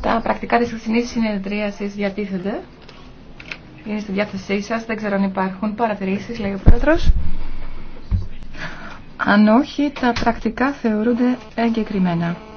Τα πρακτικά της χθεσινής συνεδρίασης διατίθενται. Είναι στη διάθεσή σας. Δεν ξέρω αν υπάρχουν παρατηρήσεις, λέει ο πρόεδρος. Αν όχι, τα πρακτικά θεωρούνται εγκεκριμένα.